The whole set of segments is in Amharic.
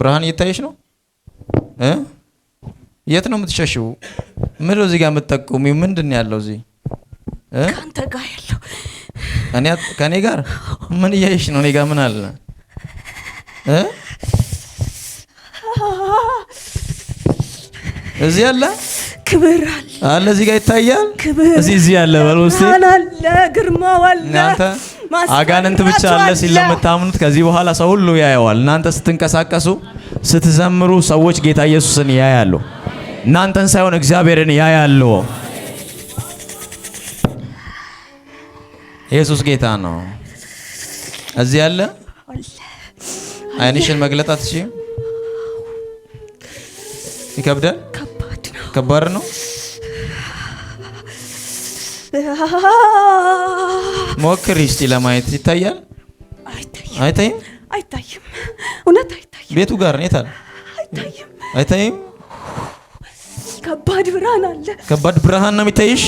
ብርሃን እየታየች ነው። የት ነው የምትሸሽው? ምንድነው እዚህ ጋር የምትጠቁሚው? ምንድን ያለው እዚህ ከአንተ ጋር ያለው? ከእኔ ጋር ምን እያየሽ ነው? እኔ ጋር ምን አለ? እዚህ አለ ክብር አለ አለ። እዚህ ጋር ይታያል ክብር። እዚህ እዚህ አለ በል ውስጥ አለ ግርማው አለ አጋንንት ብቻ አለ ሲል ለምታምኑት ከዚህ በኋላ ሰው ሁሉ ያየዋል። እናንተ ስትንቀሳቀሱ፣ ስትዘምሩ ሰዎች ጌታ ኢየሱስን ያያሉ። እናንተን ሳይሆን እግዚአብሔርን ያያሉ። ኢየሱስ ጌታ ነው። እዚህ ያለ አይንሽን መግለጣት ይከብዳል። ከባድ ነው። ሞክሪ እስቲ ለማየት ይታያል? አይታይም? አይታይም። እውነት አይታይም። ቤቱ ጋር ነው የታል? አይታይም። ከባድ ብርሃን አለ። ከባድ ብርሃን ነው የሚታይሽ።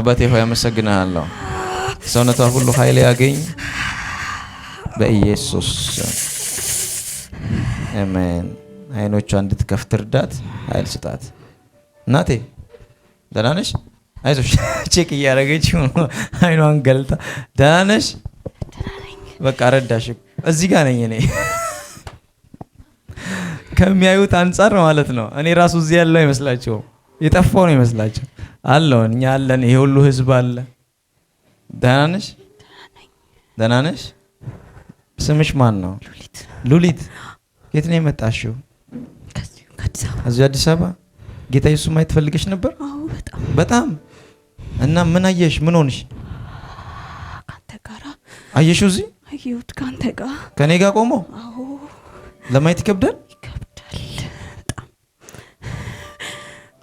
አባቴ ሆይ አመሰግናለሁ። ሰውነቷ ሁሉ ኃይል ያገኝ በኢየሱስ አሜን። አይኖቿ እንድትከፍት እርዳት፣ ኃይል ስጣት። እናቴ ደህና ነሽ? አይዞሽ። ቼክ እያደረገች አይኗን ገልጣ ደህና ነሽ? በቃ ረዳሽ። እዚህ ጋር ነኝ እኔ ከሚያዩት አንጻር ማለት ነው። እኔ ራሱ እዚህ ያለው አይመስላቸውም፣ የጠፋው ነው ይመስላቸው። አለውን እኛ አለን፣ ይሄ ሁሉ ህዝብ አለ። ደህና ነሽ? ደህና ነሽ? ስምሽ ማን ነው? ሉሊት። ሉሊት፣ የት ነው የመጣሽው? አዲስ አበባ እዚሁ አዲስ አበባ ጌታ ኢየሱስ ማየት ፈልገሽ ነበር? አዎ በጣም በጣም። እና ምን አየሽ? ምን ሆንሽ? አንተ ጋራ አየሽው? እዚህ አየሁት፣ ከአንተ ጋር ከኔ ጋር ቆሞ። አዎ ለማየት ይከብዳል፣ ይከብዳል በጣም።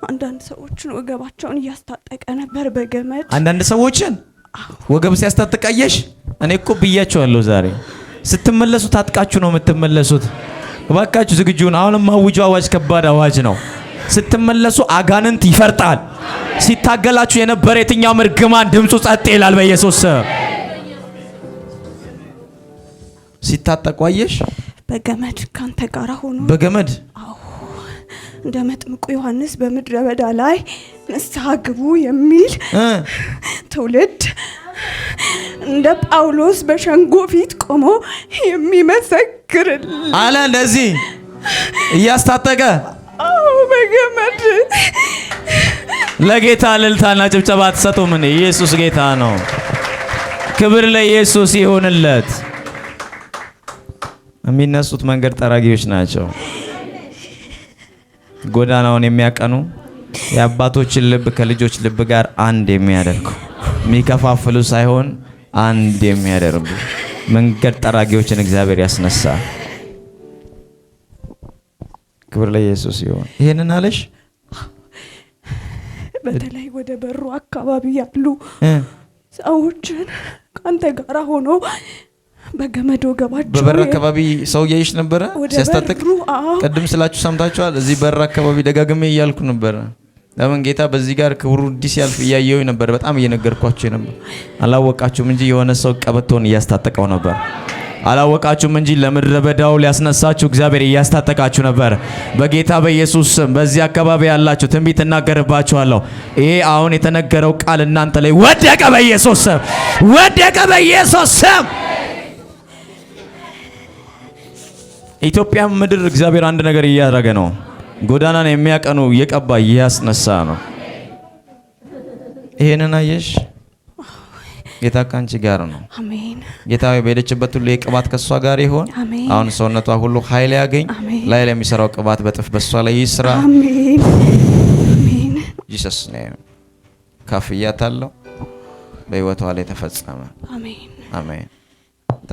አንዳንድ ሰዎችን ወገባቸውን እያስታጠቀ ነበር በገመድ። አንዳንድ ሰዎችን ወገብ ሲያስታጥቃየሽ። እኔ እኮ ብያቸዋለሁ ዛሬ ስትመለሱ ታጥቃችሁ ነው የምትመለሱት። እባካችሁ ዝግጁን። አሁንም አውጁ። አዋጅ ከባድ አዋጅ ነው። ስትመለሱ አጋንንት ይፈርጣል። ሲታገላችሁ የነበረ የትኛውም እርግማን ድምፁ ጸጥ ይላል በኢየሱስ ስም። ሲታጠቁ አየሽ። በገመድ ካንተ ጋር ሆኖ በገመድ እንደ መጥምቁ ዮሐንስ በምድረ በዳ ላይ ንስሐ ግቡ የሚል ትውልድ እንደ ጳውሎስ በሸንጎ ፊት ቆሞ የሚመሰክርል አለ። እንደዚህ እያስታጠቀ በገመድ ለጌታ ልልታና ጭብጨባ ምን ኢየሱስ ጌታ ነው። ክብር ለኢየሱስ ይሁንለት። የሚነሱት መንገድ ጠራጊዎች ናቸው። ጎዳናውን የሚያቀኑ የአባቶችን ልብ ከልጆች ልብ ጋር አንድ የሚያደርጉ የሚከፋፍሉ ሳይሆን አንድ የሚያደርጉ መንገድ ጠራጊዎችን እግዚአብሔር ያስነሳ። ክብር ለኢየሱስ ይሁን። ይሄንን አለሽ። በተለይ ወደ በሩ አካባቢ ያሉ ሰዎችን ከአንተ ጋር ሆኖ በገመድ ወገባቸው በበር አካባቢ ሰው እያየሽ ነበረ ሲያስታጥቅ። ቅድም ስላችሁ ሰምታችኋል። እዚህ በር አካባቢ ደጋግሜ እያልኩ ነበረ። ለምን ጌታ በዚህ ጋር ክብሩ እንዲህ ሲያልፍ እያየው ነበር። በጣም እየነገርኳችሁ ነበር። አላወቃችሁም እንጂ የሆነ ሰው ቀበቶን እያስታጠቀው ነበር። አላወቃችሁም እንጂ ለምድረ በዳው ሊያስነሳችሁ እግዚአብሔር እያስታጠቃችሁ ነበር። በጌታ በኢየሱስ ስም በዚህ አካባቢ ያላችሁ ትንቢት እናገርባችኋለሁ። ይሄ አሁን የተነገረው ቃል እናንተ ላይ ወደቀ፣ በኢየሱስ ስም ወደቀ፣ በኢየሱስ ስም። ኢትዮጵያ ምድር እግዚአብሔር አንድ ነገር እያደረገ ነው። ጎዳናን የሚያቀኑ እየቀባ እያስነሳ ነው። ይሄንን አየሽ? ጌታ ከአንቺ ጋር ነው። ጌታ በሄደችበት ሁሉ የቅባት ከእሷ ጋር ይሆን። አሁን ሰውነቷ ሁሉ ኃይል ያገኝ። ላይ ለሚሰራው ቅባት በጥፍ በእሷ ላይ ይስራ። ጂሰስ ካፍያት አለው በህይወቷ ላይ ተፈጸመ። አሜን።